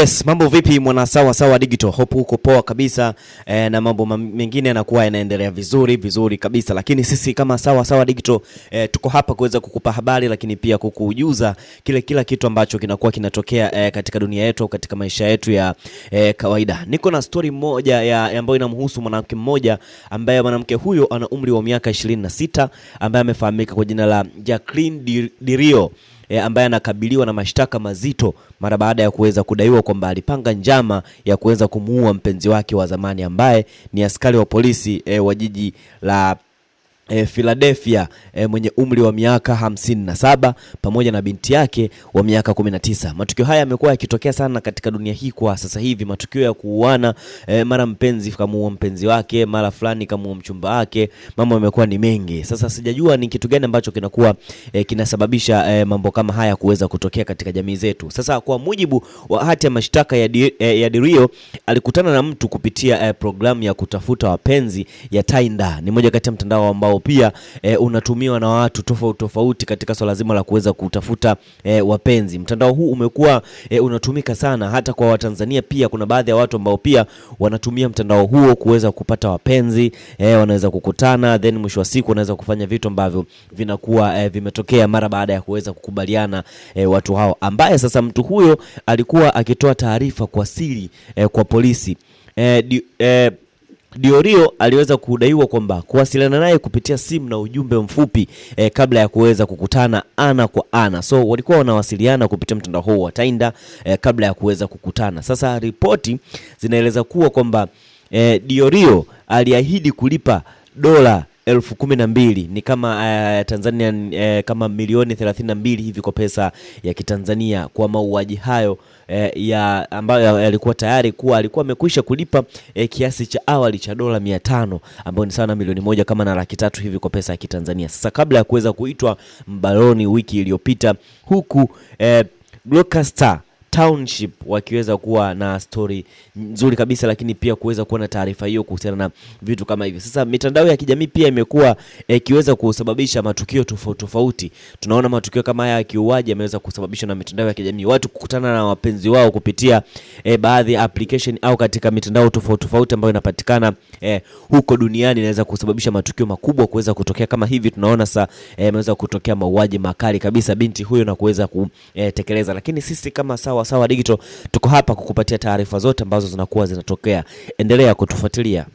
Yes, mambo vipi mwana sawa sawa digital. Hope uko poa kabisa e, na mambo mengine yanakuwa yanaendelea vizuri vizuri kabisa, lakini sisi kama sawa sawa digital e, tuko hapa kuweza kukupa habari, lakini pia kukujuza kile kila kitu ambacho kinakuwa kinatokea e, katika dunia yetu au katika maisha yetu ya e, kawaida. Niko na story moja ya ambayo inamhusu mwanamke mmoja ambaye mwanamke huyo ana umri wa miaka 26 ambaye amefahamika kwa jina la Jacqueline Dirio e, ambaye anakabiliwa na mashtaka mazito mara baada ya kuweza kudaiwa kwamba alipanga njama ya kuweza kumuua mpenzi wake wa zamani ambaye ni askari wa polisi e, wa jiji la E, Philadelphia e, mwenye umri wa miaka na saba pamoja na binti yake wa miaka tisa. Matukio haya yamekuwa yakitokea sana katika dunia hii kwa sasa hivi, matukio ya kuuana e, mara mpenzi kamuua mpenzi wake, mara fulani kamuua mchumba wake, mambo yamekuwa ni mengi. Sasa sijajua ni kitu gani ambacho kinakuwa e, kinasababisha e, mambo kama haya kuweza kutokea katika jamii zetu. Sasa kwa mujibu wa hati ya mashtaka ya, di, e, ya Dirio alikutana na mtu kupitia e, programu ya kutafuta wapenzi ya Tinder. Ni moja kati ya mtandao ambao ambao pia e, unatumiwa na watu tofauti tofauti katika swala zima la kuweza kutafuta e, wapenzi. Mtandao huu umekuwa e, unatumika sana hata kwa Watanzania, pia kuna baadhi ya watu ambao pia wanatumia mtandao huo kuweza kupata wapenzi e, wanaweza kukutana then mwisho wa siku wanaweza kufanya vitu ambavyo vinakuwa e, vimetokea mara baada ya kuweza kukubaliana e, watu hao, ambaye sasa mtu huyo alikuwa akitoa taarifa kwa siri e, kwa polisi e, di, e, Diorio aliweza kudaiwa kwamba kuwasiliana naye kupitia simu na ujumbe mfupi eh, kabla ya kuweza kukutana ana kwa ana. So walikuwa wanawasiliana kupitia mtandao huo wa Tinder eh, kabla ya kuweza kukutana. Sasa ripoti zinaeleza kuwa kwamba eh, Diorio aliahidi kulipa dola elfu kumi na mbili ni kama uh, Tanzania uh, kama milioni 32 hivi kwa pesa ya Kitanzania kwa mauaji hayo uh, ya ambayo yalikuwa tayari kuwa alikuwa amekwisha kulipa uh, kiasi cha awali cha dola mia tano ambayo ni sawa na milioni moja kama na laki tatu hivi kwa pesa ya Kitanzania. Sasa kabla ya kuweza kuitwa mbaroni wiki iliyopita huku uh, Glocester Township wakiweza kuwa na story nzuri kabisa, lakini pia kuweza kuwa na taarifa hiyo kuhusiana na vitu kama hivyo. Sasa mitandao ya kijamii pia imekuwa ikiweza e, kusababisha matukio tofauti tofauti. Tunaona matukio kama haya ya kiuaji yameweza kusababishwa na mitandao ya kijamii, watu kukutana na wapenzi wao kupitia e, baadhi ya application au katika mitandao tofauti tofauti ambayo inapatikana e, huko duniani inaweza kusababisha matukio makubwa kuweza kutokea kama hivi. Tunaona sasa e, eh, kutokea mauaji makali kabisa binti huyo na kuweza kutekeleza, lakini sisi kama sawa Sawasawa Digital, tuko hapa kukupatia taarifa zote ambazo zinakuwa zinatokea. Endelea kutufuatilia.